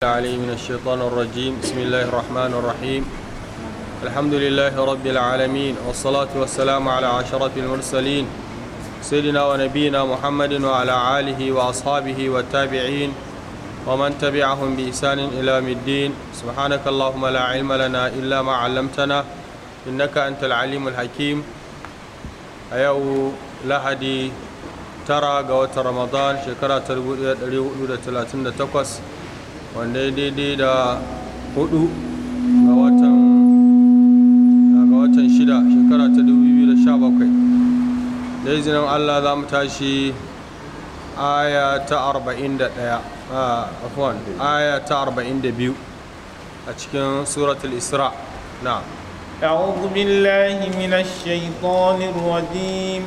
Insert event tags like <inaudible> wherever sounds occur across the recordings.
عليه من الشيطان الرجيم بسم الله الرحمن الرحيم الحمد لله رب العالمين والصلاة والسلام على عشرة المرسلين سيدنا ونبينا محمد وعلى آله وأصحابه والتابعين ومن تبعهم بإحسان إلى مدين الدين سبحانك اللهم لا علم لنا إلا ما علمتنا إنك أنت العليم الحكيم أيو لهدي ترى قوة رمضان شكرا تلقوا 138 wanda ya daidai da hudu ga watan ga watan shida shekara ta 2017 da izinin allah za mu tashi aya ta 41 ah, aya ta 42 a cikin suratul isra na أعوذ بالله من الشيطان الرجيم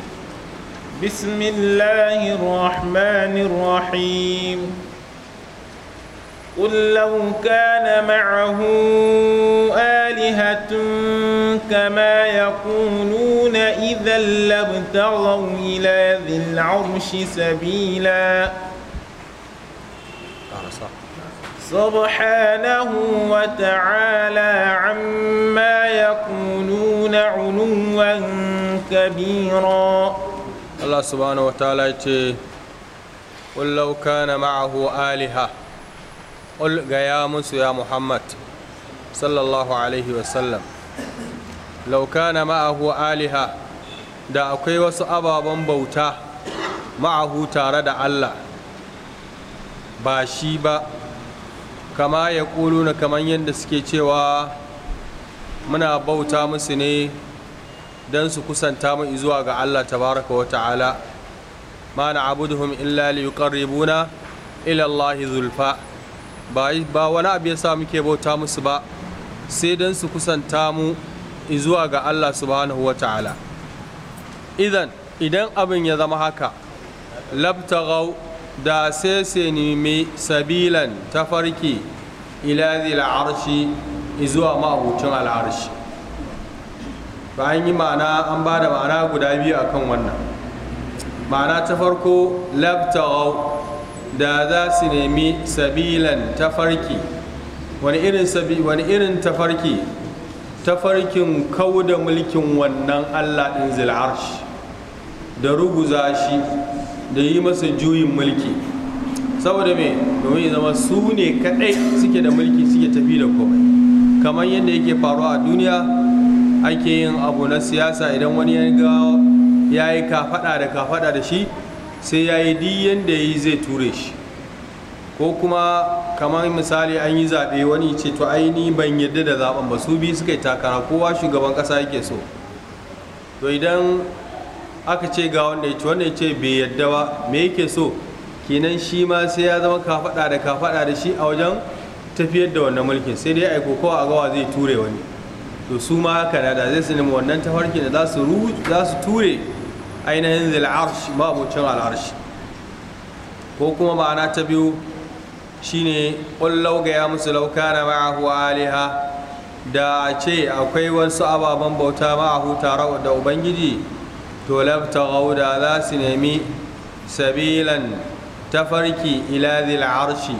بسم الله الرحمن الرحيم قل لو كان معه آلهة كما يقولون إذا لابتغوا إلى ذي العرش سبيلا سبحانه وتعالى عما يقولون علوا كبيرا الله سبحانه وتعالى قل لو كان معه آلهة ƙul ya musu ya muhammad sallallahu alaihi wasallam laukana ma'ahu aliha da akwai wasu ababen bauta ma'ahu tare da allah ba shi ba kama ya ƙulu na kamar yadda suke cewa muna bauta musu ne don su kusanta mu zuwa ga allah tabaraka wa ta'ala ma na abuduhum illa liyuqarribuna ila zulfa ba wani abu ya sa muke bauta musu ba sai don su kusanta mu zuwa ga Allah subhanahu wa ta'ala idan idan abin ya zama haka labtagau da sai sai nemi sabilan tafarki ila zil arshi zuwa ma'abucin al'arshi bayan yi ma'ana an ba da ma'ana guda biyu akan wannan ma'ana ta farko labtagau da za su nemi sabilan tafarki wani irin tafarki tafarkin kau da mulkin wannan allah ɗin zil'arsh da ruguza shi da yi masa juyin mulki saboda me domin zama su ne kadai suke da mulki suke tafi da komai kamar yadda yake faruwa a duniya ake yin abu na siyasa idan wani ya yi kafaɗa da kafaɗa da shi sai ya yi diyan da ya yi zai ture shi ko kuma kamar misali an yi zaɓe wani ce to aini ban yadda da zaɓen ba su biyu suka yi takara kowa shugaban ƙasa yake so to idan aka ce ga wanda ya ce wanda ya ce bai yadda ba me yake so kenan shi ma sai ya zama kafaɗa da kafaɗa da shi a wajen tafiyar da wannan mulkin sai dai aiko kowa a gawa zai ture wani to su ma haka da zai sinima wannan tafarki da za su ture ainihin zil ma mabucin al'arshi ko kuma ma'ana ta biyu shine ƙullau ga ya musu lauka na ma'ahu aliha da ce akwai wasu ababen bauta ma'ahu tare da ubangiji to labta gauda za su nemi sabilan tafarki ila zil arshi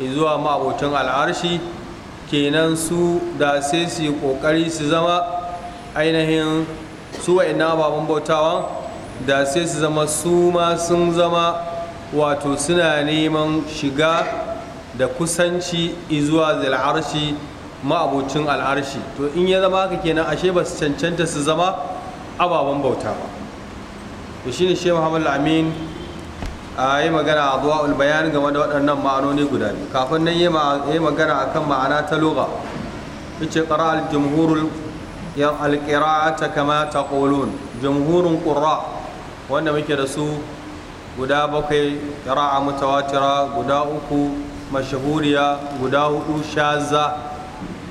zuwa ma'abucin al'arshi kenan su da sai su yi ƙoƙari su zama ainihin su wa'ina ababen bautawan da sai su zama su ma sun zama wato suna neman shiga da kusanci izuwa zil'arshi ma'abucin al'arshi to in ya zama haka kenan ashe ba su cancanta su zama ababen bauta ba to shine shehu muhammad amin a yi magana a zuwa ulbayan game da waɗannan ma'anoni guda biyu kafin nan yi magana a kan ma'ana ta loga ice ƙara al-jumhurul alƙira'ata kama ta ƙolon jumhurin ƙura wanda muke da su guda bakwai qira'a mutawatira guda uku mashahuriya guda hudu shaza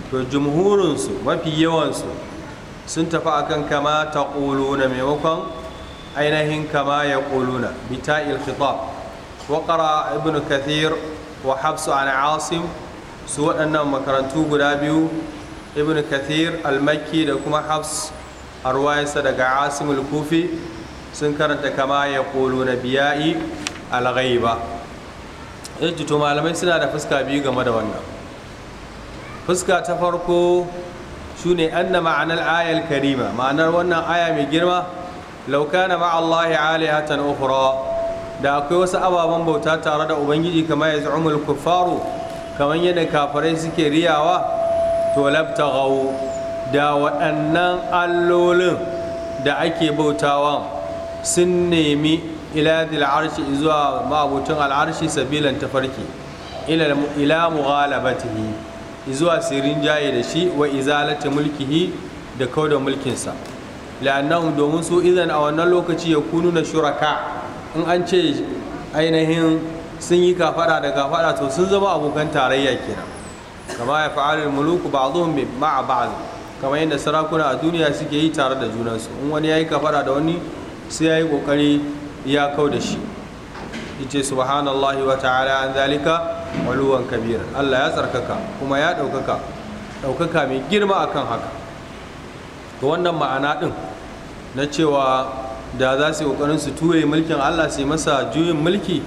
to jumhurinsu mafi yawansu sun tafi akan kama ta na maimakon ainihin kama ya ƙuluna bita ilkhitab waƙara ibn kathir wa hafsu an asim su waɗannan makarantu guda biyu ibn kathir almakki da kuma hafs a daga asim al-kufi sun karanta kama ya kolo na biya'i alghaiba eh, to malamai suna da fuska biyu game da wannan fuska ta farko ne anna ma'anar ayal karima ma'anar wannan aya mai girma laukana ma'allahi alihatan ukhra da akwai wasu ababen bauta tare da ubangiji kamar ya zumul kufaru kamar yadda kafirai suke riyawa to gawo. da waɗannan allolin da ake bautawa sun nemi ila dil arshi zuwa ma'abutun al'arshi sabilan tafarki ila ila mughalabatihi zuwa sirrin jaye da shi wa izalata mulkihi da kauda mulkinsa la'annahum domin su idan a wannan lokaci ya kunu na shuraka in an ce ainihin sun yi kafada da kafada to sun zama abokan tarayya kenan kama ya fa'alul muluku ba'dhum ma'a ba'd Kama yadda sarakuna a duniya suke yi tare da junansu in wani yayi kafada da wani sai ya yi ƙoƙari ya kau da shi ce subhanallahi wa ta'ala an zalika waluwan kabir Allah ya tsarkaka kuma ya ɗaukaka ɗaukaka mai girma akan haka to wannan ma'ana ɗin na cewa da za su yi ƙoƙarin su tuye mulkin Allah su yi masa juyin mulki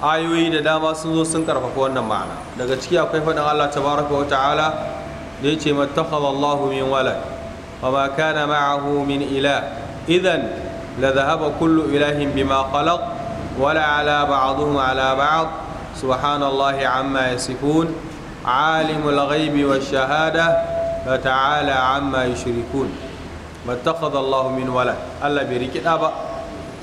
ayoyi da dama sun zo sun karfafa wannan ma'ana daga ciki akwai faɗin Allah tabaraka wa ta'ala da yace mattakhadha Allahu min walad wa ma kana ma'ahu min ila idan لذهب كل إله بما خلق ولا على بعضهم على بعض سبحان الله عما يصفون عالم الغيب والشهادة فتعالى عما يشركون ما اتخذ الله من ولد الله بريك أبا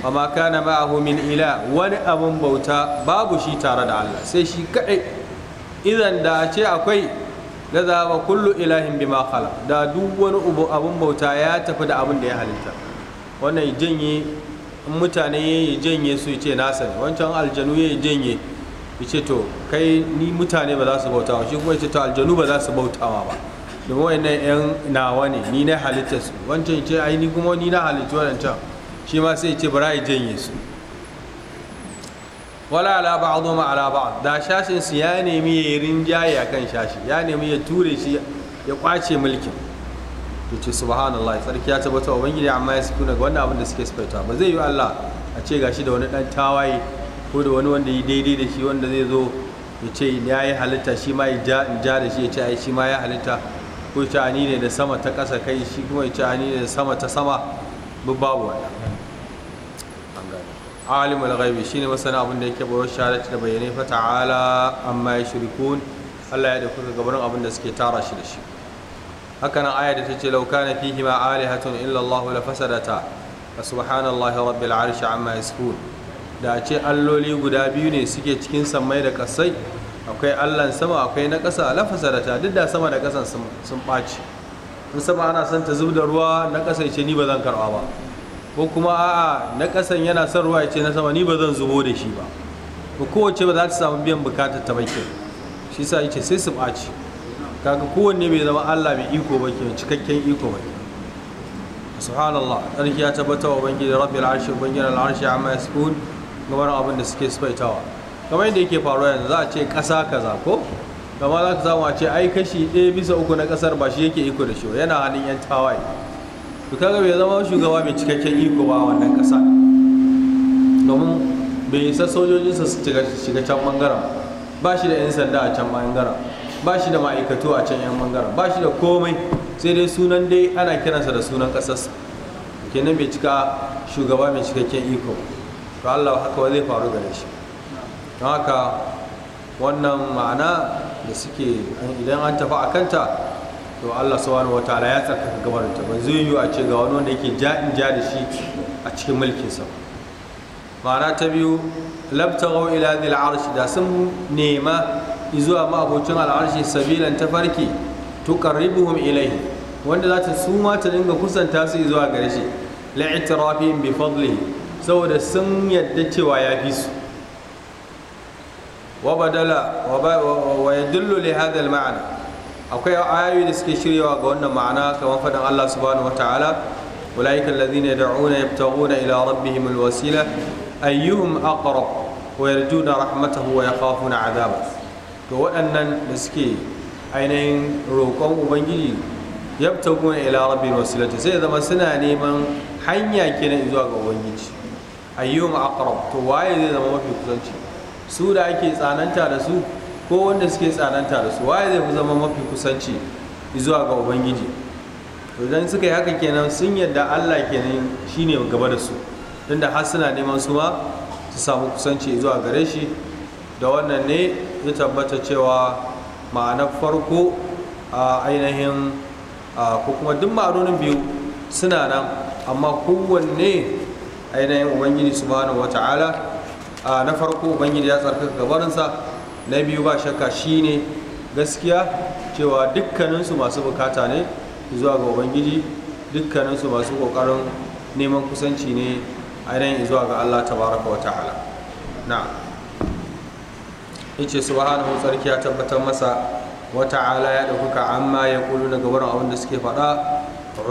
وما كان معه من إله ولا أبن بوتا باب شي تارد الله سيشي كأي إذن دا أشي أكوي لذهب كل إله بما خلق دا دون أبن بوتا يا تفد أبن دي هلتا wannan janye in mutane ya yi janye su ya ce nasa ne wancan aljanu ya janye ya ce to kai ni mutane ba za su bautawa shi kuma ya ce to aljanu ba za su bautawa ba domin wannan yan nawa ne ni na halitta su wancan ya ce ai ni kuma ni na halitta wancan shi ma sai ya ce bari janye su wala ala ma ala ba'd da shashin su ya nemi ya rinjaye akan shashi ya nemi ya ture shi ya kwace mulkin ya ce subhanallah tsarki ya tabbata wa ubangiji amma ya suku daga wannan abin da suke sifaita ba zai yi Allah a ce gashi da wani dan tawaye ko da wani wanda yi daidai da shi wanda zai zo ya ce ya yi halitta shi ma ya ja da shi ya ce ai shi ma ya halitta ko ya ce ani ne da sama ta ƙasa kai shi kuma ya ce ani ne da sama ta sama duk babu wannan alimul ghaibi shine masana abin da yake bayar shahadati da bayanai fa ta'ala amma yushrikun Allah ya dauka gabarin abin da suke tara shi da shi hakanan aya da ta ce lauka na fihi ma alihatun illa Allah la fasadata fa subhanallahi rabbil arshi amma yasifun da ce alloli guda biyu ne suke cikin samai da kasai akwai allan sama akwai na kasa la fasadata duk da sama da kasan sun ɓaci in sama ana son ta zub da ruwa na kasa ce ni ba zan karɓa ba ko kuma a'a na kasan yana son ruwa ya ce na sama ni ba zan zubo da shi ba ko kowace ba za ta samu biyan bukatar ta bakin shi sa yace sai su baci. kaga kowanne mai zama Allah mai iko ba ke cikakken iko baki subhanallah tsarki ya tabbata wa da rabbil arshi ubangiji al'arshi amma yasbun gabar abin da suke spaitawa kamar yadda yake faruwa yanzu za a ce ƙasa kaza ko gama za ka samu a ce ai kashi ɗaya bisa uku na ƙasar ba shi yake iko da shi yana hannun yan tawaye to kaga bai zama shugaba mai cikakken iko ba wannan ƙasa domin bai isa sojojinsa su shiga can bangaren ba shi da 'yan sanda a can bangaren ba shi da ma'aikatu a can yan bangaren ba shi da komai sai dai sunan dai ana kiransa da sunan ƙasarsa kenan bai cika shugaba mai cikakken iko to allah haka zai faru gare shi don haka wannan ma'ana da suke idan an tafi a kanta to allah subhanahu wa ta'ala ya tsarkaka ta ba zai yiwu a ce ga wani wanda yake ja'in ja da shi a cikin mulkin sa ma'ana ta biyu labtagau ila dhil arsh da sun nema zuwa ma'abocin al'arshi sabilan tafarki tuqarribuhum ilayhi wanda zata ta su ma ta dinga kusanta su zuwa gare shi la bi fadlihi saboda sun yadda cewa ya fi su wa badala wa yadullu li hadha al akwai ayoyi da suke shiryawa ga wannan ma'ana kamar fadan Allah subhanahu wataala ulaika alladhina yad'una yabtaghuna ila rabbihim al wasila ayyuhum aqrab wa yarjuna rahmatahu wa yakhafuna 'adabahu to waɗannan da suke ainihin roƙon ubangiji yabtaguna ila rabbil wasilata sai zama suna neman hanya kenan zuwa ga ubangiji ayyuhum aqrab to waye zai zama mafi kusanci su da ake tsananta da su ko wanda suke tsananta da su waye zai zama mafi kusanci zuwa ga ubangiji to idan suka yi haka kenan sun yadda Allah kenan shine gaba da su tunda har suna neman su ma su samu kusanci zuwa gare shi da wannan ne ya tabbata cewa ma'anar farko a ainihin ko kuma duk ma'anonin biyu suna nan amma kowanne ainihin ubangiji su subhanahu wata'ala na farko ubangiji ya tsarkaka gabarinsa na biyu ba shakka ne gaskiya cewa dukkaninsu masu bukata ne zuwa ga ubangiji dukkaninsu masu kokarin neman kusanci ne ainihin zuwa ga allah tabaraka wa ta'ala na'am yace subhanahu sarki ya tabbatar masa wa ta'ala ya dauka amma ya kulu daga wurin abin da suke faɗa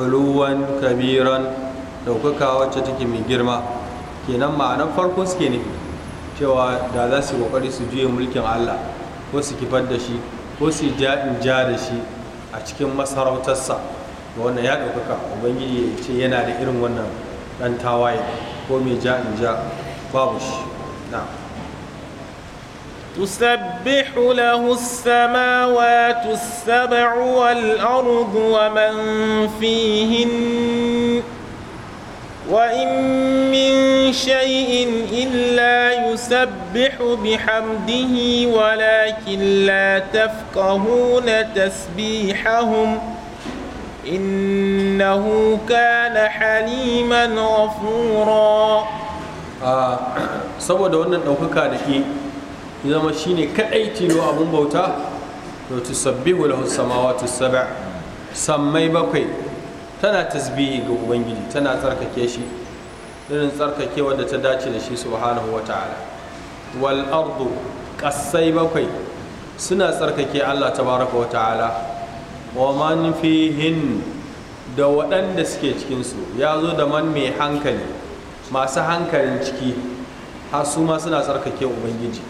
uluwan kabiran daukaka wacce take mai girma kenan ma'anar farko suke nufi cewa da za su kokari su juye mulkin Allah ko su kifar da shi ko su ja in ja da shi a cikin masarautarsa ga wannan ya ɗaukaka ubangiji ya ce yana da irin wannan ɗan tawaye ko mai ja in ja babu shi na'am تسبح له السماوات السبع والأرض ومن فيهن وإن من شيء إلا يسبح بحمده ولكن لا تفقهون تسبيحهم إنه كان حليما غفورا آه. <clears throat> سوى دون أوكا دقيق ya zama shine kadai tilo abun bauta to tusabbihu lahu samawati sab'a sammai bakwai tana tasbihi ga ubangiji tana tsarkake shi irin tsarkake wanda ta dace da shi subhanahu wata'ala wal ardu kasai bakwai suna tsarkake Allah tabaraka wata'ala wa man fihin da waɗanda suke cikinsu ya zo da man mai hankali masu hankalin ciki har su ma suna tsarkake ubangiji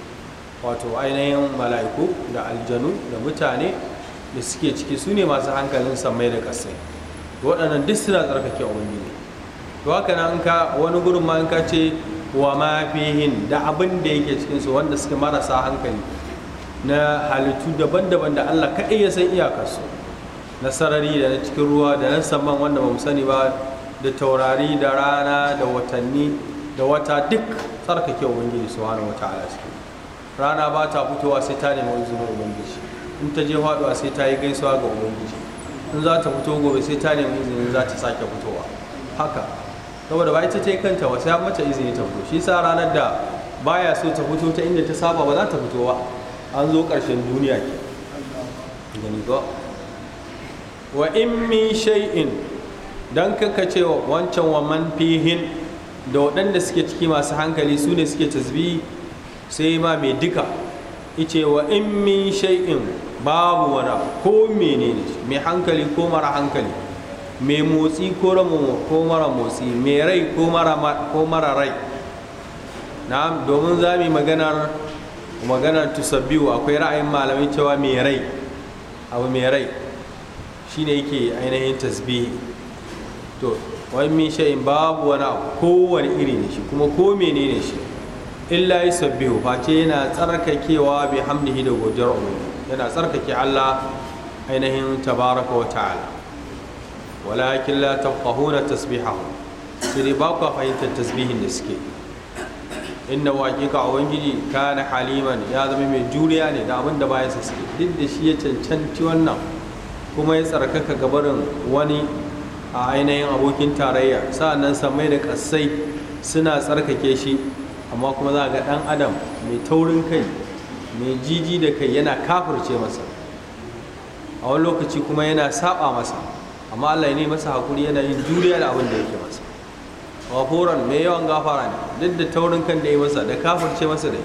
wato ainihin mala'iku da aljanu da mutane da suke ciki su ne masu hankalin samai da kasai waɗannan duk suna tsarkake ne to haka nan ka wani gurin ma ka ce wa ma da abin da yake cikin su wanda suke marasa hankali na halittu daban-daban da Allah kaɗai ya san iyakarsu na sarari da na cikin ruwa da na saman wanda ba mu sani ba da taurari da rana da watanni da wata duk tsarkake ubangiji subhanahu wata suke rana ba ta fitowa sai ta nemi izinin ubangiji in ta je faduwa sai ta yi gaisuwa ga ubangiji in za ta fito gobe sai ta nemi izinin za ta sake fitowa haka saboda ba ita ta yi kanta ba sai an mata izini ta fito shi sa ranar da baya so ta fito ta inda ta saba ba za ta fito ba an zo ƙarshen duniya ke gani ba wa in min shay'in dan kaka ce wancan wa man fihin da waɗanda suke ciki masu hankali su ne suke tasbihi sai ma mai duka ice wa in min shay'in babu wani ko menene mai hankali ko mara hankali mai motsi ko mara motsi mai rai ko mara rai na domin za mu maganar maganar tusabbiu akwai ra'ayin malamai cewa mai rai abu mai rai shine yake ainihin tasbihi to wani min shay'in babu wani kowane iri ne shi kuma ko menene shi illa yusabbihu face yana tsarkakewa bi hamdihi da godiyar ubangiji yana tsarkake Allah ainihin tabaraka wa ta'ala walakin la tafqahuna tasbihahu sai ba ku fahimtar tasbihin da suke inna waqiqa ubangiji kana haliman ya zama mai juriya ne da abin da bayan sa suke duk da shi ya cancanci wannan kuma ya tsarkaka gabarin wani a ainihin abokin tarayya sa'annan samai da kassai suna tsarkake shi amma kuma za ga ɗan adam mai taurin kai mai jiji da kai yana kafirce masa a wani lokaci kuma yana saba masa amma Allah ne masa hakuri yana yin juriya da abin da yake masa wafuran mai yawan gafara ne duk da taurin kan da ya masa da kafirce masa da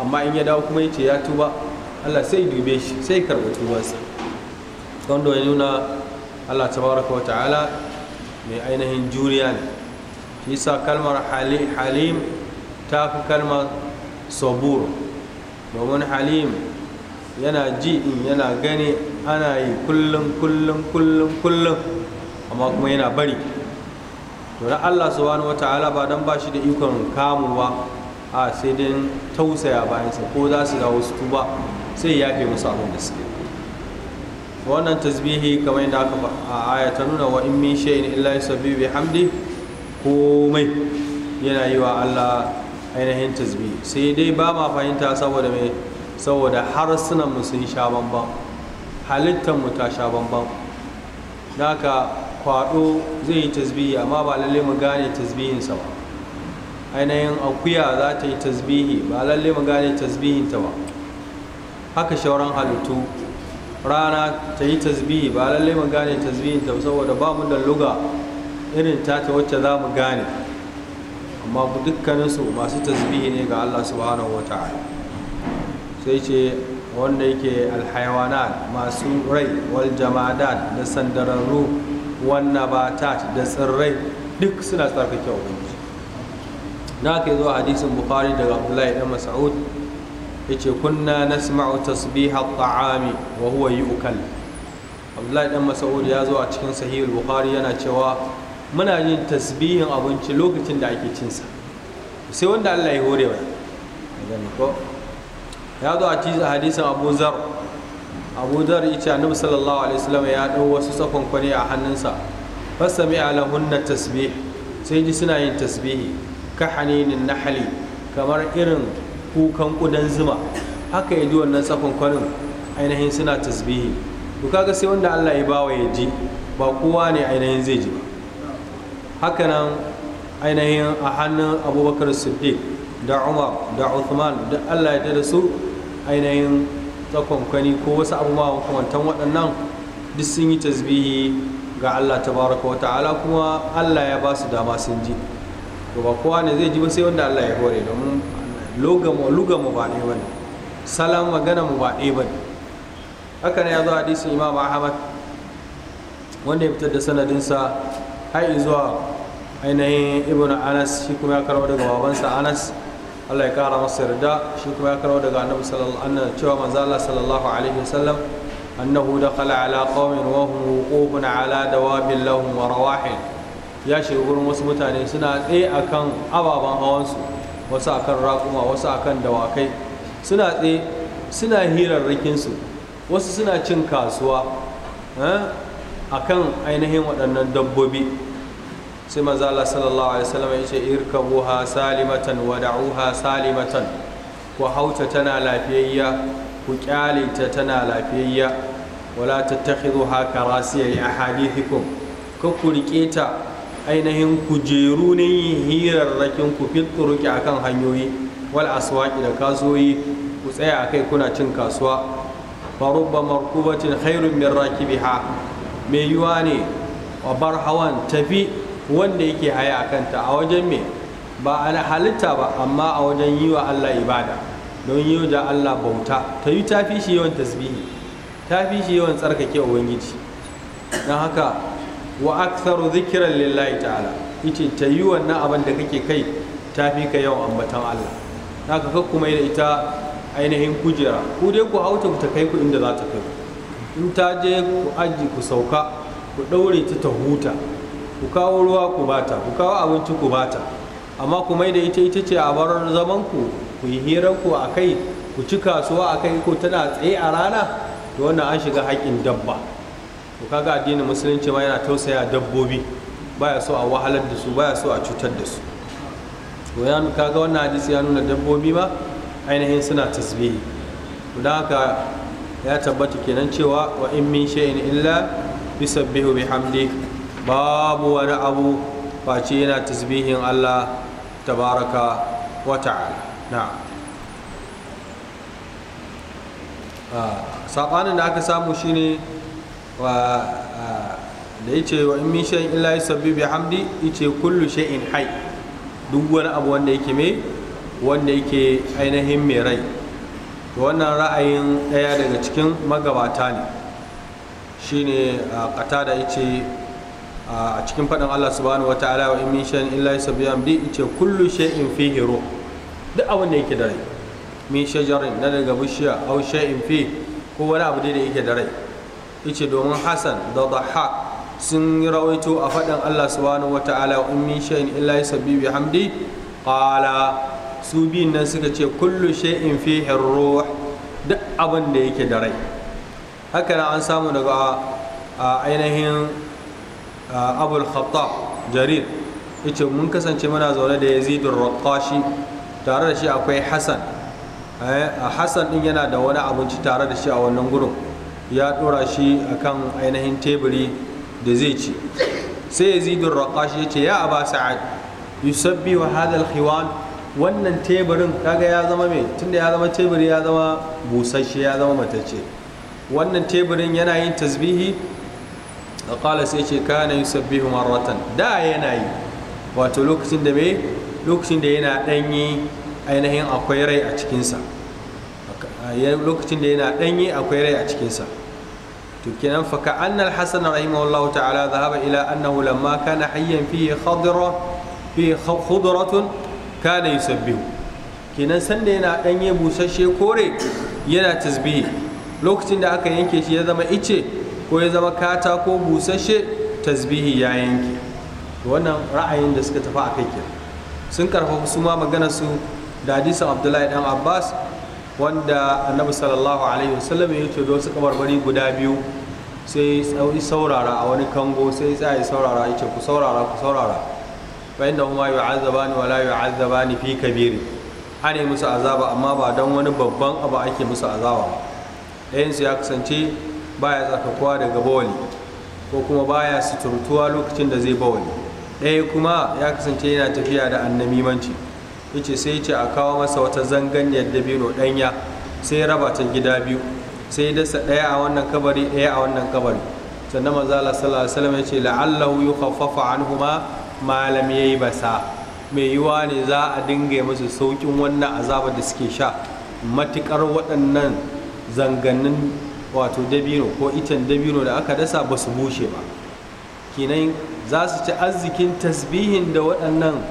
amma in ya dawo kuma ya ce ya tuba Allah sai dube shi sai karɓi tubarsa don da ya nuna Allah tabaraka wa ta'ala mai ainihin juriya ne shi sa kalmar halim ta fi kalmar sabur domin halim yana ji in yana gani ana yi kullum kullum kullum kullum amma kuma yana bari to na allah subhanahu wata'ala ba don ba shi da ikon kamuwa, a sai dai tausaya bayansa ko za su dawo su tuba sai ya fi musu abin da suke wannan tasbihi kamar yadda aka a aya ta nuna wa in min shay'in illa yusabbihu bihamdi komai yana yi wa allah ainihin tasbi sai dai ba ma fahimta saboda mai saboda harsunan mu sun sha bamban halittar mu ta sha bamban ka kwado zai yi tasbihi amma ba lalle mu gane sa ba ainihin akuya za ta yi tasbihi ba lalle mu gane ta ba haka shauran halittu rana ta yi tasbihi ba lalle mu gane tasbihin ba saboda ba mu da luga irin ta ta wacce za mu gane amma ku dukkaninsu masu tasbihi ne ga Allah subhanahu wa ta'ala sai ce wanda yake alhayawanat masu rai wal jamadat da sandararru ba nabatat da tsirrai duk suna tsarkake ubangiji na ka zo hadisin bukhari daga abdullahi dan mas'ud yace kunna nasma'u tasbiha at-ta'ami wa huwa yu'kal abdullahi dan mas'ud ya zo a cikin sahih bukhari yana cewa muna yin tasbihin abinci lokacin da ake cinsa sai wanda Allah ya hore wa ya zo a hadisin Abu Zar Abu Zar ita Annabi sallallahu alaihi wasallam ya dau wasu tsakon kwani a hannunsa fasami na tasbih sai ji suna yin tasbihi ka haninin nahali kamar irin kukan kudan zuma haka ya ji wannan tsakon kwanin ainihin suna tasbihi to kaga sai wanda Allah ya bawa ya ji ba kowa ne ainihin zai ji ba hakanan ainihin a hannun abubakar siddiq da umar da uthman da allah ya da su ainihin tsakonkwani ko wasu abubuwa makamantan waɗannan duk sun yi tasbihi ga allah ta baraka wa ta'ala kuma allah ya ba su dama sun ji to ba kowa ne zai ji ba sai wanda allah ya hore domin luga mu ba ɗaya ba ne salam magana mu ba ɗaya ba ne haka ne ya zo hadisin imam ahmad wanda ya fitar da sanadinsa har zuwa ainihin ibn anas shi kuma ya karɓo daga babansa anas allah ya kara masa yarda shi kuma ya karɓo daga annabi sallallahu alaihi cewa manzo allah sallallahu alaihi wasallam annahu dakhala ala qaumin wa hum wuqufun ala dawabin lahum wa rawahil ya shiga gurin wasu mutane suna tsaye akan ababen hawansu wasu akan raƙuma wasu akan dawakai suna tsaye suna hirarrakinsu wasu suna cin kasuwa eh, a kan ainihin waɗannan dabbobi sai manzo Allah sallallahu alaihi wasallam ya ce irkabuha salimatan wa da'uha salimatan ku hauta tana lafiyayya ku kyale ta tana lafiyayya wala tattakhidhuha karasiya li ahadithikum ka ku rike ta ainihin kujeru ne hirarrakin ku fil akan hanyoyi wal aswaqi da kasuwoyi ku tsaya akai kuna cin kasuwa farubba markubatin khairun min rakibiha mai yiwa ne a bar hawan tafi wanda yake haya a kanta a wajen me ba a halitta ba amma a wajen yi wa Allah ibada don yi da Allah bauta ta yi ta shi yawan tasbihi ta fi shi yawan tsarkake ubangiji don haka wa aksar zikiran lillahi ta'ala ita ta yi wannan abin da kake kai ta fi ka yawan ambatan Allah haka ka kuma da ita ainihin kujera ku dai ku hauta ku ta kai ku inda za ta kai in ta je ku aji ku sauka ku ɗaure ta ta huta ku kawo ruwa ku bata ku kawo abinci ku bata amma ku mai da ita ita ce a bar zaman ku ku yi hirar ku a kai ku ci kasuwa a kai ko tana tsaye a rana to wannan an shiga haƙƙin dabba ku kaga addinin musulunci ma yana tausaya dabbobi baya so a wahalar da su baya so a cutar da su to ya kaga wannan hadisi ya nuna dabbobi ma ainihin suna tasbihi Kuda haka ya tabbata kenan cewa wa in min shay'in illa bisabbihu bihamdihi babu wani abu face yana tasbihin Allah tabaraka wa ta'ala na'am ah, saɓanin da aka samu shine wa ah, da ya ce wa in min shay'in illa yusabbi bi hamdi yace kullu shay'in hai duk wani abu wanda yake me wanda yake ainihin mai rai to wannan ra'ayin ɗaya daga cikin magabata ne shine a ah, ƙata da yace a cikin faɗin Allah subhanahu wataala wa in min shay'in illa yusabbihu bi ce kullu shay'in fihi ruh duk abin da yake da rai min shajarin na daga bishiya aw shay'in fi ko wani abu da yake da rai yace domin Hassan da dhaha sun rawaito a faɗin Allah subhanahu wataala wa in min shay'in illa yusabbihu hamdi qala su biyun nan suka ce kullu shay'in fihi ruh duk abin da yake da rai haka an samu daga ainihin abul khattab jarir yace mun kasance muna zaune da yazidun raqashi tare da shi akwai hasan a hasan din yana da wani abinci tare da shi a wannan gurin ya dora shi akan ainihin teburi da zai ci sai yazidun raqashi yace ya aba sa'ad yusabbihu hadha al wannan teburin kaga ya zama mai tunda ya zama teburi ya zama busasshe ya zama matacce wannan teburin yana yin tasbihi da kala sai ce kana yusabbihu marratan da yana yi wato lokacin da mai lokacin da yana ɗanyi ainihin akwai rai a cikinsa lokacin da yana ɗanyi akwai rai a cikinsa to kenan faka annal hasan allah ta'ala haɓa ila annahu lamma kana hayyan fihi khudratun kana yusabbihu kenan sanda yana danye busasshe kore yana tasbihi lokacin da aka yanke shi ya zama ice ko ya zama kata ko busasshe tasbihi ya yanke wannan ra'ayin da suka tafi a kai ke. sun karfafa su ma magana su da hadisin abdullahi dan abbas wanda annabi sallallahu alaihi wasallam ya ce wasu kabarbari guda biyu sai tsauri saurara a wani kango sai tsaye saurara ya ce ku saurara ku saurara fa inda huma yu'azzabani wala yu'azzabani fi kabiri ana musu azaba amma ba don wani babban abu ake musu azaba ba ɗayan su ya kasance baya kowa daga bawali ko kuma baya suturtuwa lokacin da zai bawali ɗaya kuma ya kasance yana tafiya da annamimanci yace sai ce a kawo masa wata zanganiyar dabino ɗanya sai raba ta gida biyu sai dasa ɗaya a wannan kabari ɗaya a wannan kabari sannan manzala sallallahu alaihi wasallam yace la'allahu yukhaffafa anhuma ma lam yayi basa mai yiwa ne za a dinga musu saukin wannan azaba da suke sha matukar waɗannan zangannin wato dabino ko itan dabino da aka dasa ba su bushe ba kinan za su ci arzikin tasbihin da waɗannan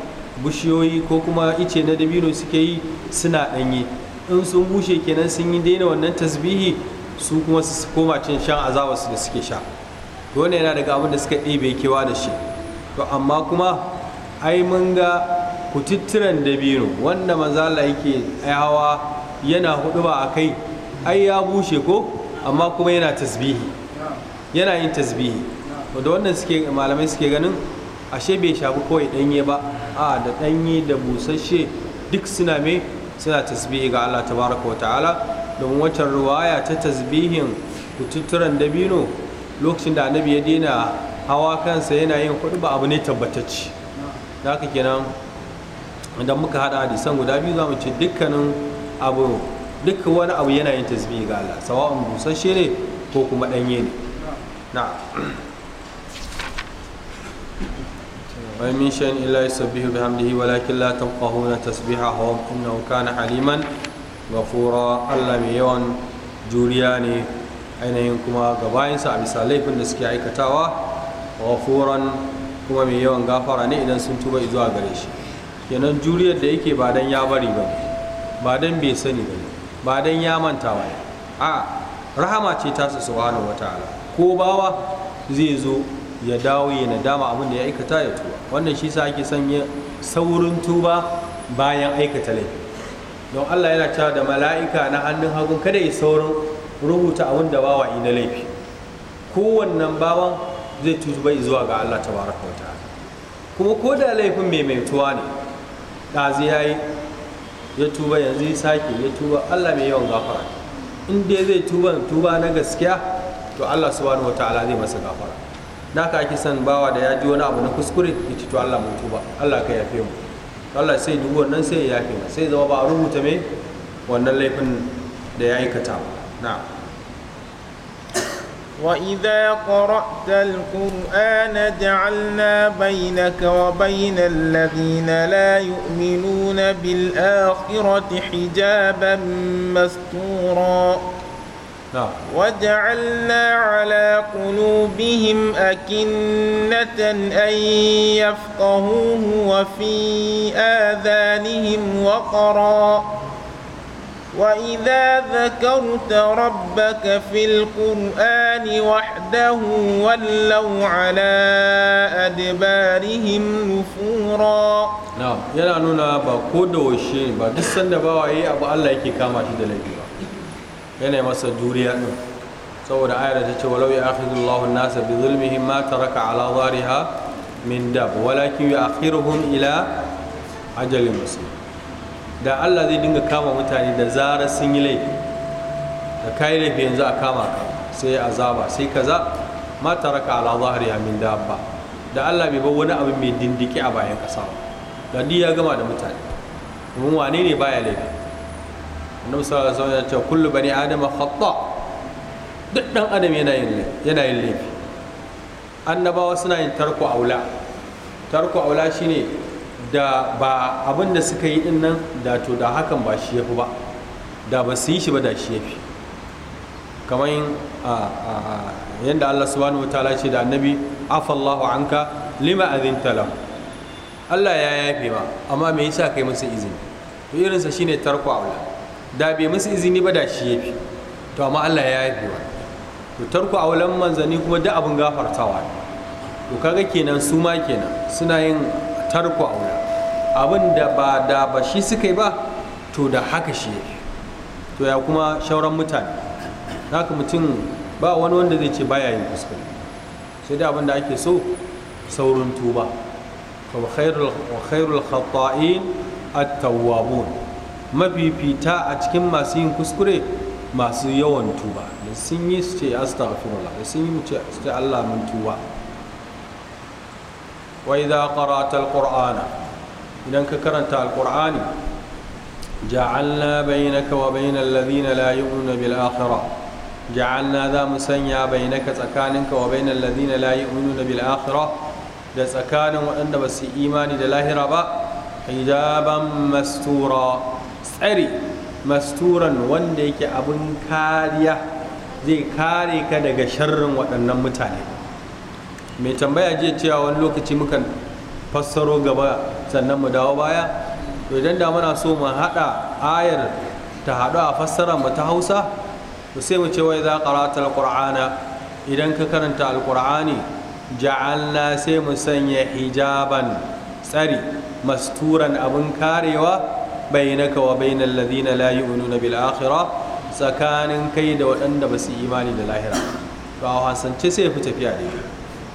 bishiyoyi ko kuma ice na dabino suke yi suna ɗanye in sun bushe kenan sun yi daina wannan tasbihi su kuma su koma cin shan azawarsu da suke sha wannan yana daga abin da suka ɗebe kewa da shi to amma kuma ai mun ga kututturan dabino wanda manzala yake hawa yana hudu ba a kai ai ya bushe ko amma kuma yana tasbihi yana yin tasbihi wanda wannan suke malamai suke ganin ashe bai shafi kawai danye ba a da danye da busasshe duk suna mai suna tasbihi ga Allah tabaraka wa ta'ala domin wancan ruwaya ta tasbihin kututturan dabino lokacin da annabi ya daina hawa kansa yana yin kuɗi ba abu ne tabbatacci da haka kenan idan muka haɗa hadisan guda biyu za mu ce dukkanin abu duk wani abu yana yin tasbihi ga Allah sawa'un busasshe ne ko kuma danye ne na wa min shan illa yusabbihu bihamdihi walakin la tafqahuna tasbihahum innahu kana haliman ghafura Allah mai yawan juriya ne ainihin kuma gabayinsa a bisa laifin da suke aikatawa ghafuran kuma mai yawan gafara ne idan sun tuba zuwa gare shi kenan juriyar da yake ba dan ya bari ba ba dan bai sani ba ba don ya manta ba a rahama ce ta su subhanahu wataala ko bawa zai zo ya dawo ya nadama abin da ya aikata ya tuba wannan shi sa ake sanya saurin tuba bayan aikata laifi don Allah yana cewa da mala'ika na hannun hagun kada ya saurin rubuta abin da bawa ina laifi kowannan bawan zai tuba zuwa ga Allah tabaraka wataala kuma ko da laifin mai maimaituwa ne ɗazi ya yi ya tuba yanzu ya sake ya tuba Allah mai yawan gafara in dai zai tuba tuba na gaskiya to Allah subhanahu wataala zai masa gafara naka ake son bawa da ya ji wani abu na kuskure ya ci to Allah mai tuba Allah ka yafe mu Allah sai dubu wannan sai ya yafe mu sai zama ba a rubuta mai wannan laifin da ya aikata na'am وإذا قرأت القرآن جعلنا بينك وبين الذين لا يؤمنون بالآخرة حجابا مستورا نعم. وجعلنا على قلوبهم أكنة أن يفقهوه وفي آذانهم وقرا وإذا ذكرت ربك في القرآن وحده ولوا على أدبارهم نفورا نعم yana nuna ba ko da washe ba duk sanda bawa yi abu Allah yake kama shi da laifi ba yana masa juriya din saboda ayar ta ce walau ya'khudullahu an-nasa bi zulmihim ma taraka ala dhariha min dab walakin yu'akhiruhum ila ajalin muslim da allah zai dinga kama mutane da zarar sun yi laifi da kayi laifi yanzu a kama ka sai azaba sai kaza ma taraka ala zahari min dabba da allah bai bar wani abu mai dindiki a bayan kasa ba da ya gama da mutane domin wane ne baya laifi annabi sallallahu alaihi wasallam ya ce kullu bani adama khata duk dan adam yana yin yana yin laifi annabawa suna yin tarko aula tarko aula shine da ba abin da suka yi din nan da to da hakan ba shi yafi ba da ba su yi shi ba da shi yafi kamar yadda Allah subhanahu wa ta'ala ce da annabi afallahu anka lima azinta lahu Allah ya yafe ma amma me yasa kai musu izini to irin sa shine tarko aula da bai musu izini ba da shi yafi to amma Allah ya yafe ma to tarko aulan manzani kuma da abin gafartawa to kaga kenan su ma kenan suna yin tarko aula abin da ba da ba shi suka yi ba to da haka shi ne to ya kuma shauran mutane haka mutum ba wani wanda zai ce baya yin kuskure sai da abin da ake so saurin tuba wa khairul khata'in at-tawwabun mafifita a cikin masu yin kuskure masu yawan tuba da sun yi su ce astaghfirullah da sun yi su ce Allah mun tuba wa idza qara'ta al-qur'ana idan ka karanta alkur'ani ja'alna bainaka wa bainal ladina la yu'minuna bil akhirah ja'alna za mu sanya bainaka tsakaninka wa bainal ladina la yu'minuna bil akhirah da tsakanin waɗanda ba su imani da lahira ba hijaban mastura tsari masturan wanda yake abin kariya zai kare ka daga sharrin waɗannan mutane mai tambaya jiya cewa wani lokaci mukan fassaro gaba sannan mu dawo baya to idan da muna so mu haɗa ayar ta haɗu a fassarar mu ta hausa to sai mu ce wai za karata alƙur'ana idan ka karanta alƙur'ani ja'alna sai mu sanya hijaban tsari masturan abin karewa bainaka wa bainal ladina la yu'minuna bil akhirah tsakanin kai da waɗanda ba su yi imani da lahira to a hasance sai fi tafiya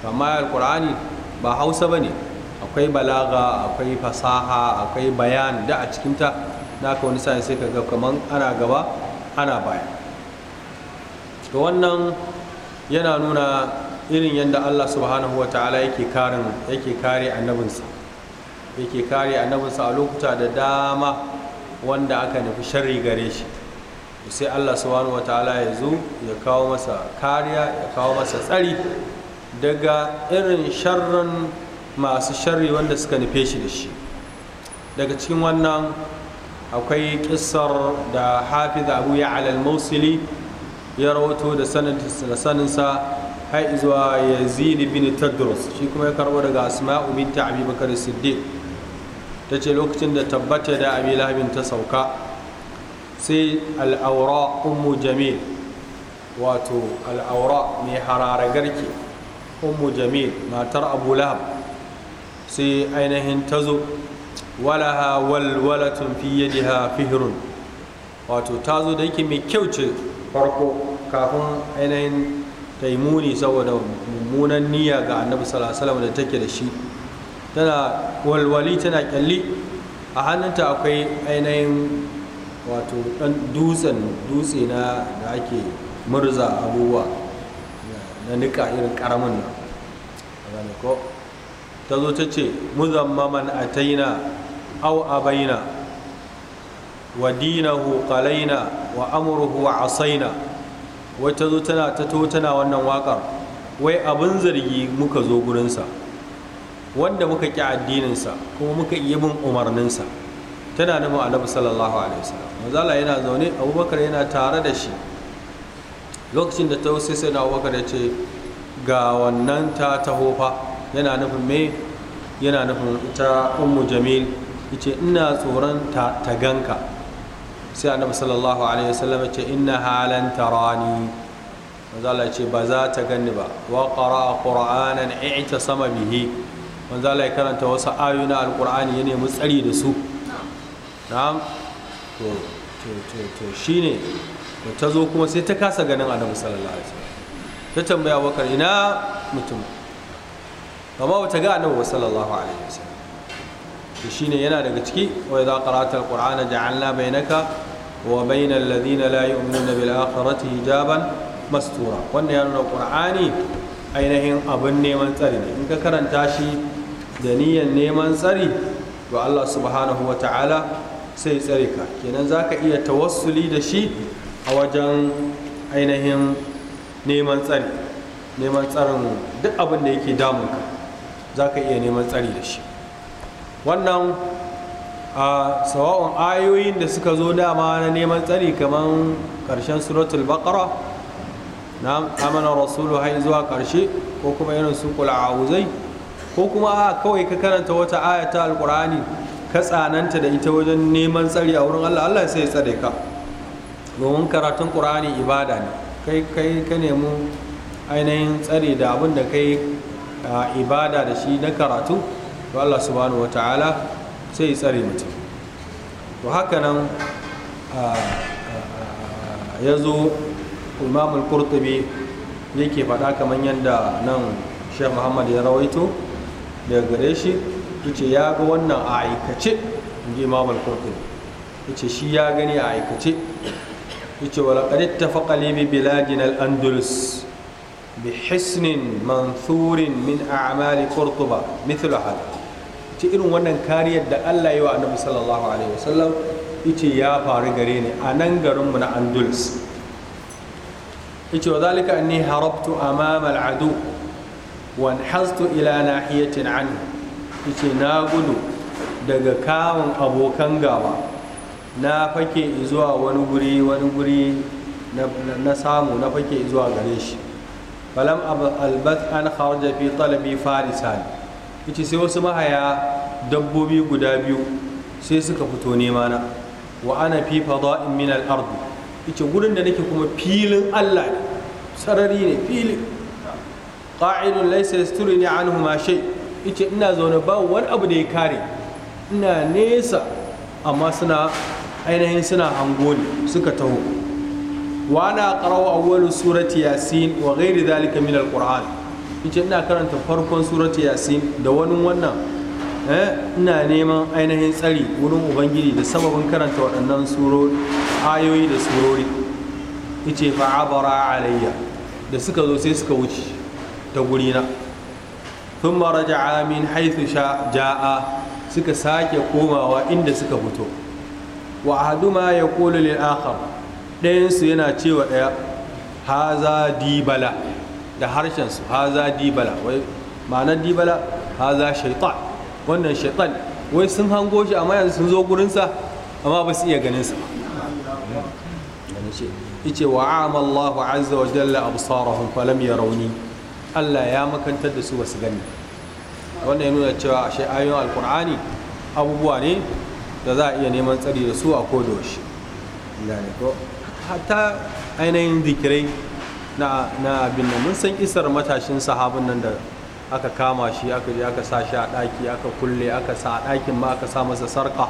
da amma alƙur'ani ba hausa ba ne akwai balaga akwai fasaha akwai bayan da a cikinta ka wani sa'in sai ka ga kamar ana gaba ana baya to wannan yana nuna irin yadda allah subhanahu wa ta'ala yake karin yake kare annabinsa yake kare annabinsa a lokuta da dama wanda aka nufi sharri gare shi sai allah subhanahu wa ta'ala ya zo ya kawo masa kariya ya kawo masa tsari daga irin sharran. masu sharri wanda suka nufe shi da shi daga cikin wannan akwai kissar da hafiz abu ya alal mausili ya rawato da saninsa har zuwa zini bin Tadros. shi kuma ya karbo daga asma'u binta abi bakar siddiq ta ce lokacin da tabbata da abi lahabin ta sauka sai al'aura ummu jamil wato al'aura mai harare garke ummu jamil matar abu lahab sai ainihin ta zo walaha walwalatun fi yadiha fihrun wato ta zo da yake mai kyau ce farko kafin ainihin ta yi muni saboda mummunan niyya ga annabi salasalam da take da shi tana walwali tana kyalli a hannunta akwai ainihin wato dan dutsen dutse na da ake murza abubuwa na nika irin karamin nan ta zo ta ce muzammaman na au a na? wa dinahu qalaina wa amruhu asaina wai ta zo tana ta tana wannan waƙar wai abin zargi muka zo gurinsa wanda muka ƙi addininsa kuma muka iya bin umarninsa tana nufin annabi sallallahu alaihi wasallam Mazala yana zaune abubakar yana tare da shi lokacin da ta sai sai na abubakar ya ce ga wannan ta taho fa yana nufin me yana nufin ita ummu jamil yace ina tsoron ta ta ganka sai annabi sallallahu alaihi wasallam yace inna halan tarani manzo Allah yace ba za ta ganni ba wa qara'a qur'anan sama bihi manzo Allah ya karanta wasu ayoyin alqur'ani ya nemi tsari da su na'am to to to to shine ta zo kuma sai ta kasa ganin annabi sallallahu alaihi wasallam ta tambaya bakar ina mutum amma ta ga annabi sallallahu alaihi wasallam shi ne yana daga ciki wa idza qara'ta alqur'ana ja'alna bainaka wa bainal ladina la yu'minuna bil akhirati hijaban mastura wannan ya nuna qur'ani ainihin abin neman tsari ne in ka karanta shi da niyyar neman tsari to Allah subhanahu wa ta'ala sai tsare ka kenan zaka iya tawassuli da shi a wajen ainihin neman tsari neman tsarin duk abin da yake damunka za ka iya neman tsari da shi wannan a sawa'un ayoyin da suka zo dama na neman tsari kamar ƙarshen suratul baqara na amana rasulu hai zuwa karshe ko kuma irin su kula'uzai ko kuma a kawai ka karanta wata ayata alkur'ani ka tsananta da ita wajen neman tsari a wurin allah allah sai ya tsare ka domin karatun ƙur'ani ibada ne kai kai ka nemi ainihin tsari da abin da kai ibada da shi na karatu to Allah subhanahu wataala sai ya tsare mutum to haka nan ya zo imamul qurtubi yake faɗa kamar yadda nan sheikh muhammad ya rawaito daga gare shi yace ya ga wannan a aikace inji imamul qurtubi yace shi ya gani a aikace yace wala qad ittafaqa li bi biladina al-andalus بحسن منثور من أعمال قرطبة مثل هذا ita irin wannan kariyar da Allah yi wa annabi sallallahu alaihi wasallam ita ya faru gare ni a nan garinmu na Andalus ita wa anni harabtu amama al'adu wa anhaztu ila nahiyatin anhu ita na gudu daga kawun abokan gaba na fake zuwa wani guri wani guri na samu na fake zuwa gare shi falam albat an kharaja fi talabi farisan yace sai wasu mahaya dabbobi guda biyu sai suka fito nema na wa ana fi fada'in min al-ard yace gurin da nake kuma filin Allah ne sarari ne filin qa'idun laysa yasturuni anhu ma shay Ice ina zaune ba wani abu da ya kare ina nesa amma suna ainihin suna hango ne suka taho wa na qarawa awwalu surat yasin wa ghairi dhalika min alquran ina karanta farkon surati yasin da wani wannan ina neman ainihin tsari wurin ubangiji da sababin karanta waɗannan surori ayoyi da surori yace fa abara alayya da suka zo sai suka wuce ta gurina tun رجع من حيث ja'a suka sake komawa inda suka fito wa ahaduma yaqulu lil akhar ɗayansu yana cewa ɗaya haza dibala da harshensu haza dibala wai ma'anar dibala haza shaitan wannan shaitan wai sun hango shi amma yanzu sun zo gurinsa amma ba su iya ganinsa ice wa amallahu azza wa jalla absarahum falam yarawni Allah ya makantar da su ba su gani wannan ya nuna cewa ashe ayoyin alkur'ani abubuwa ne da za a iya neman tsari da su a kodayaushe. hatta ainihin zikirai na abin nan mun san isar matashin sahabin nan da aka kama shi aka je aka sa shi a ɗaki aka kulle aka sa a ɗakin ma aka sa masa sarka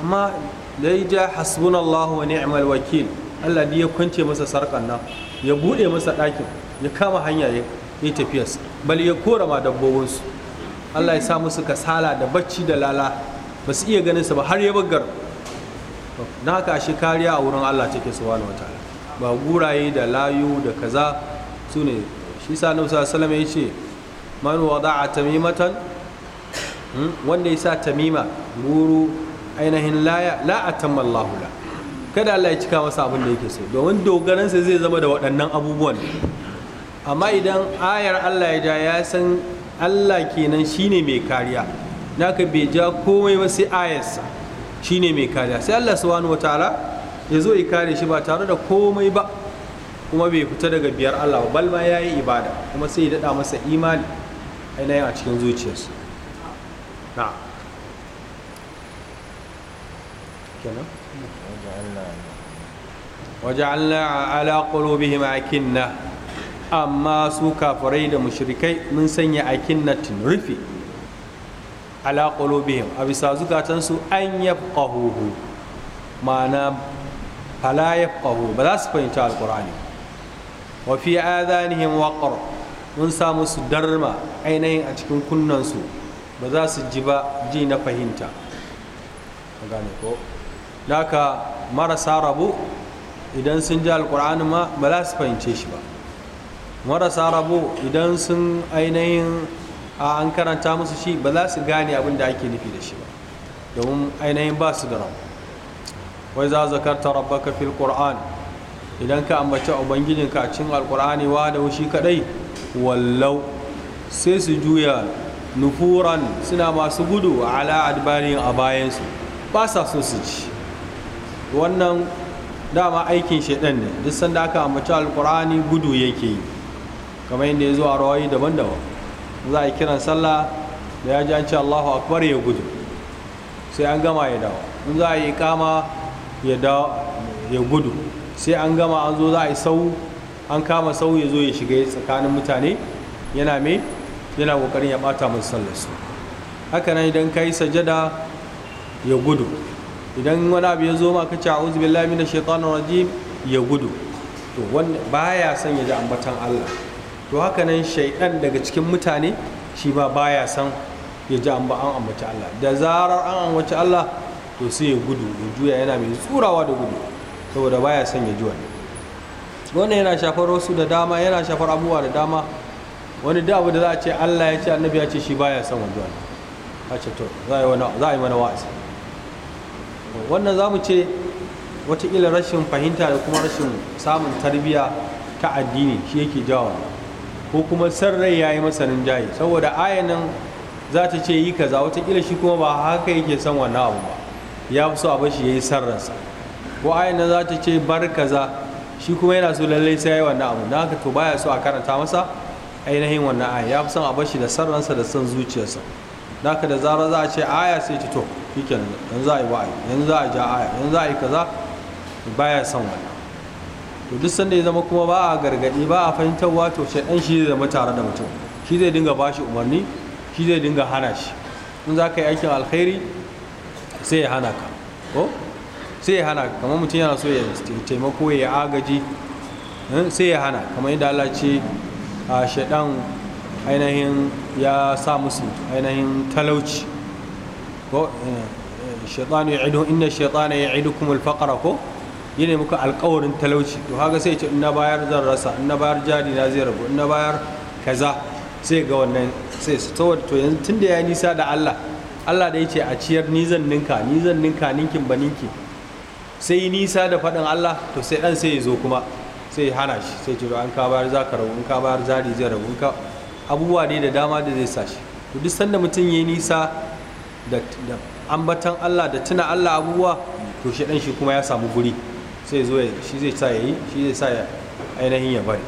amma da ya ja hasbunallahu wa ni'mal wakil Allah ya kwance masa sarkan nan ya buɗe masa ɗakin ya kama hanya ya yi tafiyarsa bal ya kora ma dabbobinsu Allah ya sa musu kasala da bacci da lala ba su iya ganin su ba har ya bagar Na haka shi kariya a wurin Allah su wani wata ba guraye da layu da kaza su ne shi sa salama ya ce. wasallam yace man a tamimatan hmm, wanda ya sa tamima guru ainihin laya la a tamman lahula kada Allah ya cika masa abin da yake so domin dogaransa zai zama da waɗannan abubuwan amma idan ayar Allah ya ja ya san Allah kenan shine mai kariya naka bai ja komai ba sai ayarsa Shi ne mai kariya sai Allah subhanahu ala ya zo ya kare shi ba tare da komai ba kuma bai fita daga biyar Allah bal ma yi ibada kuma sai ya dada masa imani ainihin a cikin zuciyarsa na kenan وجعلنا akinna amma su kafirai da mushirikai mun sanya akinna tun rufe. ala qulubihim a bisa zukatansu an yafqahuhu ma'ana fala yafqahu ba za su fahimci alqur'ani wa fi adanihim waƙar mun sa musu darma ainihin a cikin kunnansu ba za su ji ba ji na fahimta gane ko naka marasa rabu idan sun ji Alƙur'ani ma ba za su fahimce shi ba marasa rabu idan sun ainihin a an karanta musu shi ba za su gane abin da ake nufi da shi ba domin ainihin ba su da rabu wai za zakarta rabbaka fil qur'an idan ka ambaci ubangijinka a cikin alqur'ani wa da wushi kadai wallau sai su juya nufuran suna masu gudu ala adbarin a bayansu ba sa so su ci wannan dama aikin shaidan ne duk sanda aka ambaci alqur'ani gudu yake yi kamar yadda ya zo a rawayi daban-daban za a yi kiran sallah da ya ji an ce allahu akbar ya gudu sai an gama ya dawo in za a yi kama ya dawo ya gudu sai an gama an zo za a yi sau an kama sau ya zo ya shiga tsakanin mutane yana mai yana kokarin ya bata musu sallar su haka nan idan ka yi sajada ya gudu idan wani abu ya zo ma ka ce a'udhu billahi minash shaitanir rajim ya gudu to wanda baya son ya ji ambatan Allah to haka nan shaidan daga cikin mutane shi ma baya san ya ji an ba an ambaci Allah da zarar an ambaci Allah to sai ya gudu ya juya yana mai tsurawa da gudu saboda baya son ya ji wani wannan yana shafar wasu da dama yana shafar abubuwa da dama wani da abu da za a ce Allah ya ce annabi ya ce shi baya son wani wani a ce to za a yi mana wa'azi wannan za mu ce wataƙila rashin fahimta da kuma rashin samun tarbiyya ta addini shi yake jawo ko kuma san rai ya yi masanin jayi saboda aya za ta ce yi kaza wata kila shi kuma ba haka yake son wannan abu ba ya fi so a bashi ya yi san ko aya za ta ce bar kaza shi kuma yana so lallai sai ya yi wannan abu na haka to baya so a karanta masa ainihin wannan aya ya fi son a bashi da san da son zuciyarsa na haka da zarar za a ce aya sai ta to shi yanzu za a yi wa'ayi yanzu za a ja aya yanzu za a yi kaza baya son wannan to duk sanda ya zama kuma ba a gargadi ba a wato shi dan shi zai zama tare da mutum shi zai dinga ba shi umarni shi zai dinga hana shi in za ka yi aikin alkhairi sai ya hana ka ko sai ya hana kamar mutum yana so ya taimako ya agaji eh, sai ya hana kamar yadda Allah ce a shaidan ainihin ya sa musu ainihin talauci ko eh, eh, shaitanu ya idu inna shaitana ya idu kuma alfaqara ko yi ne muka alkawarin talauci to haka sai ce in na bayar zan rasa in na bayar jari na zai rabu in na bayar kaza sai ga wannan sai saboda to yanzu tunda ya nisa da Allah Allah da ya ce a ciyar ni zan ninka ni zan ninka ninkin ba ninki sai nisa da faɗin Allah to sai dan sai ya zo kuma sai ya hana shi sai ce an ka bayar za ka rabu in ka bayar jari zai rabu in ka abubuwa ne da dama da zai sa shi to duk sanda mutum ya nisa da ambatan Allah da tuna Allah abubuwa to shi dan shi kuma ya samu guri sai zo shi zai sa ya yi shi zai sa ya ainihin ya bari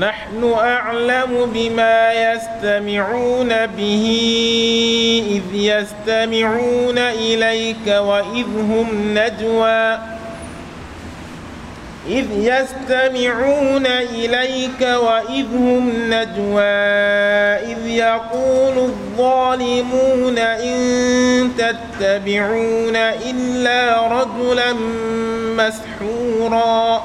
نحن أعلم بما يستمعون به إذ يستمعون إليك وإذ هم نجوى إذ يستمعون إليك وإذ هم نجوى إذ يقول الظالمون إن تتبعون إلا رجلا مسحورا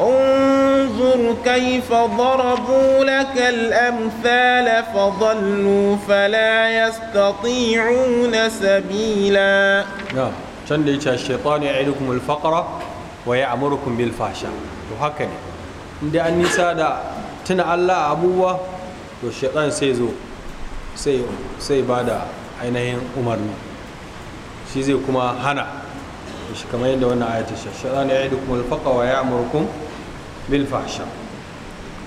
انظر كيف ضربوا لك الأمثال فضلوا فلا يستطيعون سبيلا نعم كان الشيطان يعدكم الفقرة wa a amurkum bil fasha to haka ne inda an nisa da tuna Allah abubuwa to shaɗan sai zo sai sai bada ainihin umarni shi zai kuma hana shi kamar yadda wannan ayatu shaitan ya ya'idukum al faqa wa ya amurkum bil fasha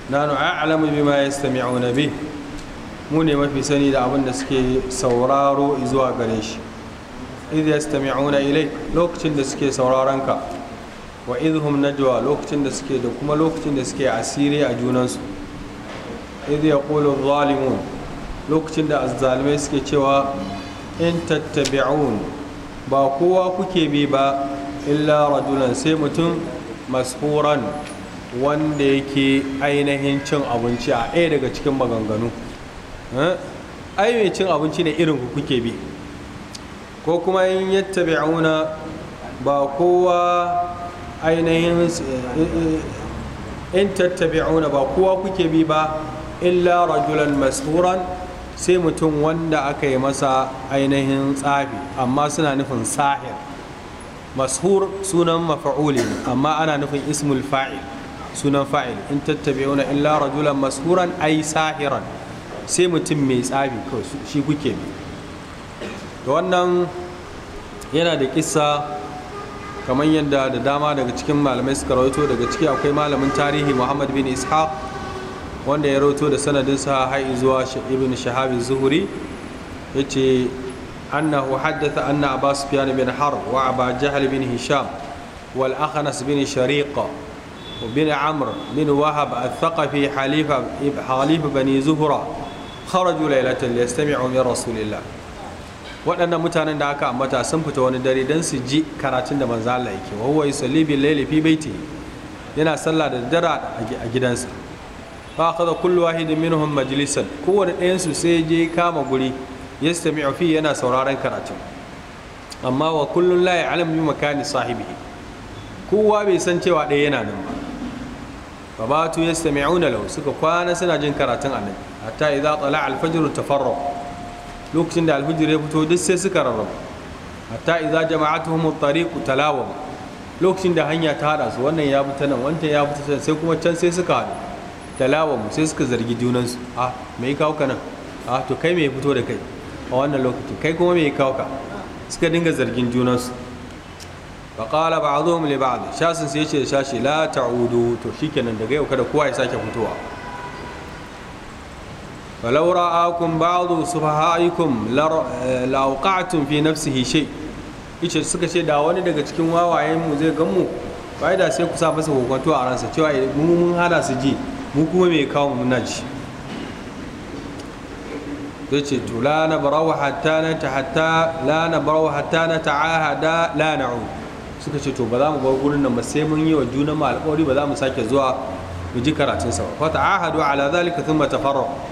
nanu a'lamu bima yastami'una bi mu ne mafi sani da abin da suke sauraro zuwa gare shi idan ya idh yastami'una ilai lokacin da suke sauraron ka wa idhum najwa lokacin da suke da kuma lokacin da suke asiri a junansu idh yaqulu adh-dhalimun lokacin da az-zalimai suke cewa in tattabi'un ba kowa kuke bi ba illa rajulan sai mutum mashuran wanda yake ainihin cin abinci a ɗaya daga cikin maganganu eh? ai cin abinci ne irin kuke bi ko kuma in yattabi'una ba kowa ainihin eh, in tattabi'una ba kowa kuke bi ba illa rajulan mashuran sai mutum wanda aka yi masa ainihin tsafi amma suna nufin sahir mashur sunan mafa'uli amma ana nufin ismul fa'il sunan fa'il in tattabi'una illa rajulan mashuran ai sahiran sai mutum mai tsafi shi kuke bi wannan yana da kisa kamar yadda da dama daga cikin malamai suka rawaito daga ciki akwai malamin tarihi muhammad bin ishaq wanda ya rawaito da sanadinsa har zuwa ibn shahabi zuhuri ya ce annahu haddatha anna abu sufyan bin har wa abu jahal bin hisham wal akhnas bin shariqa وبن عمرو بن وهب الثقفي حليف حليف بني زهره خرجوا ليله ليستمعوا من رسول الله waɗannan mutanen da aka ambata sun fita wani dare don su ji karatun da manzo Allah yake wa huwa yusalli bil layli fi baiti yana sallah da dara a gidansa fa akhadha kullu wahidin minhum majlisan kowanne ɗayan su sai je kama guri yastami'u fi yana sauraron karatu. amma wa kullun la ya'lamu bi makani sahibihi kowa bai san cewa ɗaya yana nan ba fa batu yastami'una lahu suka kwana suna jin karatun annabi hatta idza tala al-fajr tafarraqu lokacin da alfijir ya fito duk sai suka rarrabu hatta idza jama'atuhum at-tariqu talawam lokacin da hanya ta hada su wannan ya fita nan wancan ya fita sai sai kuma can sai suka hadu talawam sai suka zargi junansu a ah, me ya kawo ka nan a ah, to kai me ya fito da kai a wannan lokacin kai kuma me ya kawo ka suka dinga zargin junansu faƙala ba a zo mu le ba a shasin sai ce da shashi la ta'udu to shikenan daga yau kada kowa ya sake fitowa ولو رآكم بعض سفهائكم لأوقعتم في نفسه شيء yace suka ce da wani daga cikin wawayen mu zai gan mu bai da sai ku sa masa kokonto a ransa cewa mu mun hana su ji mu kuma mai kawo mu naji zai ce to la na barawa hatta na ta hatta la na barawa hatta na la suka ce to ba za mu bar gurin nan ba sai mun yi wa junan mu alƙawari ba za mu sake zuwa mu ji karatun sa ba fa ta'ahadu ala zalika thumma tafarraqu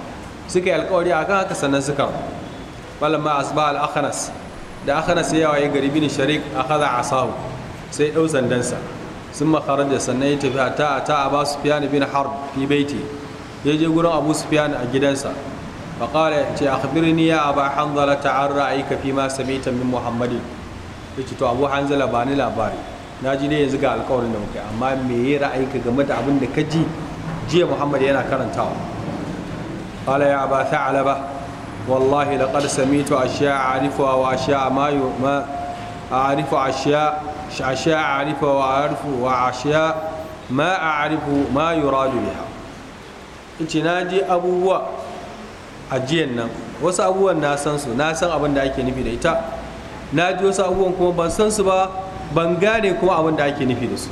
suka yi alkawari akan haka sannan suka falamma asba al-akhnas da akhnas ya waye gari bin sharik akhadha asahu sai ɗau sandansa sun kharaja sannan ya tafi ta ta abu sufyan bin harb fi baiti ya je gurin abu sufyan a gidansa fa qala ce birni ya aba hanzala ta'ar ra'ayka fi ma samita min muhammadin yace to abu hanzala ba ni labari na ji ne yanzu ga alkawarin da muka amma me ka game da abin da ka ji jiya muhammad yana karantawa قال يا أبا ثعلبة والله لقد سميت أشياء أعرفها وأشياء ما ما أعرف أشياء أشياء أعرفها وأعرف وأشياء ما أعرف ما يراد بها إتناجي أبو ajiyan nan wasu abubuwan na san su na san abin da ake nufi da ita na ji wasu abubuwan kuma ban san su ba ban gane kuma abin da ake nufi da su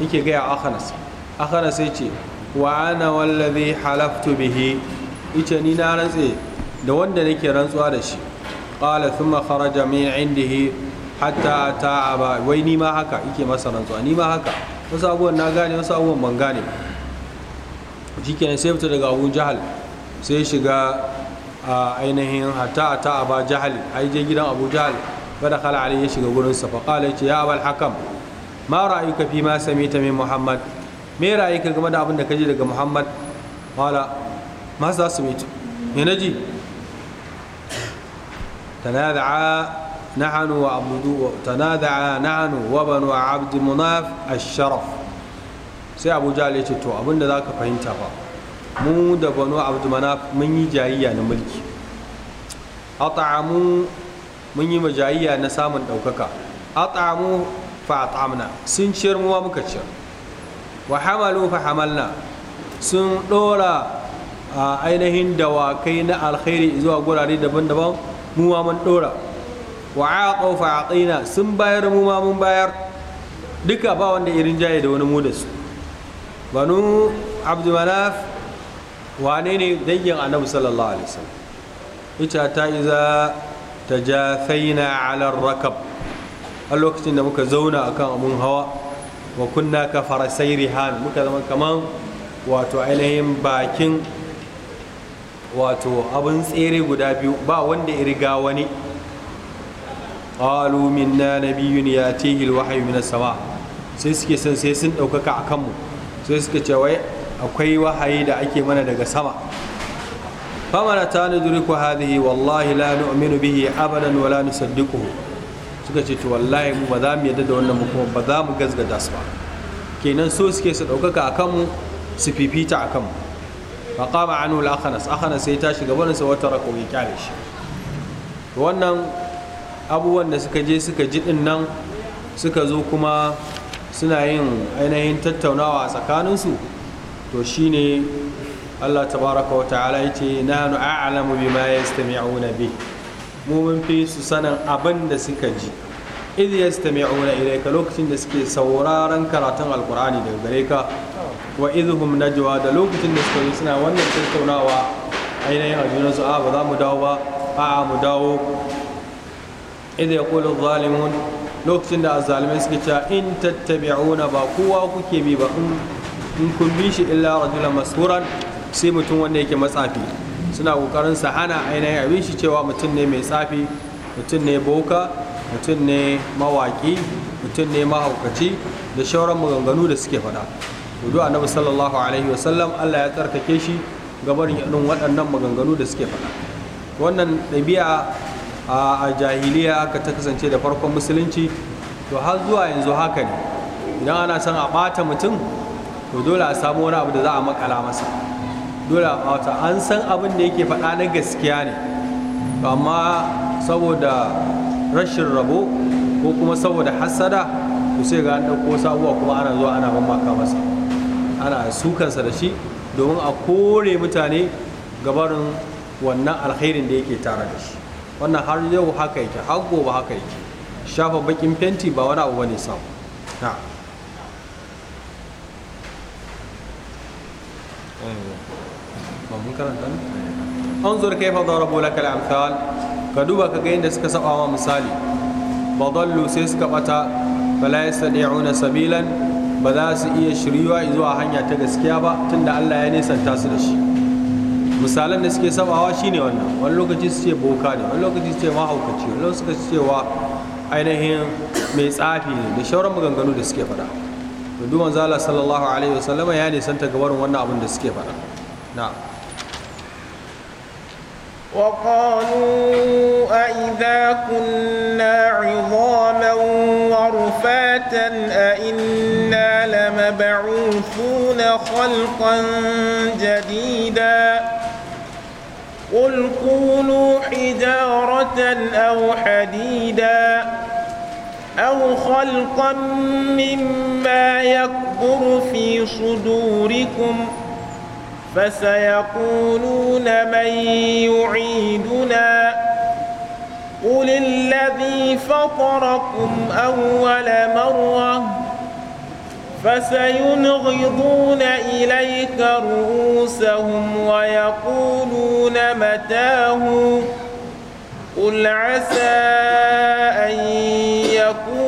yake gaya akhanas akhanas sai ce wa ana wallazi halaftu bihi ita ni na rantse da wanda nake rantsuwa da shi qala thumma kharaja min indihi hatta ata aba wai ni ma haka yake masa rantsuwa ni ma haka wasu abubuwan na gane wasu abubuwan ban gane shikenan sai fita daga Abu Jahal sai shiga a ainihin hatta a ata aba Jahal ai je gidan Abu Jahal bada khala ya shiga gurin sa fa qala ya abal hakam ma ra'ayuka fi ma sami ta min Muhammad me raye ka game da abin da ka ji daga muhammad wala ma za su mita me na ji tanada'a نحن wa banu a وبن عبد مناف الشرف sai abu jahal ya ce to abinda za ka fahimta fa mu da banu Abdi munaf mun yi jayayya na mulki at'amu mun yi majayayya na samun ɗaukaka at'amu fa at'amna sun ciyar mu ma muka ciyar wa hamalu fa hamalna sun dora a ainihin dawakai na alkhairi zuwa gurare daban-daban mu ma mun dora wa aqaw fa aqina sun bayar mu ma mun bayar duka ba wanda irin jaye da wani mu da su banu abdu manaf wane ne dangin annabi sallallahu alaihi wasallam ita ta iza tajafaina ala rakab a lokacin da muka zauna akan abun hawa wa kunna ka farasai rihan muka zama kaman wato ainihin bakin wato abin tsere guda biyu ba wanda ya riga wani qalu minna ya yatihi alwahyu min sama sai suke son sai sun ɗaukaka a kanmu sai suka ce wai akwai wahayi da ake mana daga sama famana ta nudriku hadihi wallahi la nu'minu bihi abadan wa la nusaddiquhu suka ce to wallahi mu ba za mu yadda da wannan mu kuma ba za mu gazgada su ba kenan so suke su ɗaukaka a kanmu su fifita a kanmu ba kama anhu al-akhanas akhanas sai tashi gaban sa wata rako ya kyale shi wannan abubuwan da suka je suka ji din nan suka zo kuma suna yin ainihin tattaunawa a tsakaninsu to shine Allah tabaraka wa ta'ala yace nahnu a'lamu bima yastami'una bihi mu mun fi su sanin abin da suka ji idh yastami'una ilayka lokacin da suke sauraron karatun alkur'ani daga gare ka wa idhum najwa da lokacin da suke suna wannan tattaunawa ainihin a junan su a ba za mu dawo ba a mu dawo idh yaqulu adh-dhalimun lokacin da azzalimai suke cewa in tattabi'una ba kowa kuke bi ba in kun bi shi illa rajulan mashuran sai mutum wanda yake matsafi suna kokarin sa hana ainihin abin shi cewa mutum ne mai tsafi mutum ne boka mutum ne mawaki mutum ne mahaukaci da shauran maganganu da suke faɗa hudu annabi sallallahu alaihi wasallam allah ya tsarkake shi gabarin irin waɗannan maganganu da suke faɗa wannan ɗabi'a a jahiliya aka ta kasance da farkon musulunci to har zuwa yanzu haka ne idan ana son a ɓata mutum to dole a samu wani abu da za a makala masa dole wata an san abin da yake faɗa na gaskiya ne amma saboda rashin rabo ko kuma saboda hasada ku sai ga an ɗauko sabuwa kuma ana zuwa ana mamaka masa ana sukansa da shi domin a kore mutane gabarin wannan alkhairin da yake tare da shi wannan har yau haka yake har gobe haka yake shafa bakin fenti ba wani abu bane samu ba mun karanta ne anzur kaifa darabu amsal ka duba ka ga yadda suka saba ma misali badallu sai suka bata fala yastati'una sabilan ba za su iya shiryuwa zuwa hanya ta gaskiya ba Allah ya da wannan wani lokaci su boka ne wani lokaci wani lokaci ainihin mai tsafi ne da shauran maganganu da suke faɗa to sallallahu alaihi wasallama ya nisanta gabarin wannan abin da suke faɗa na'am وقالوا أئذا كنا عظاما ورفاتا أئنا لمبعوثون خلقا جديدا قل كونوا حجارة أو حديدا أو خلقا مما يكبر في صدوركم ۖ فسيقولون من يعيدنا قل الذي فطركم أول مرة فسينغضون إليك رؤوسهم ويقولون متاه قل عسى أن يكون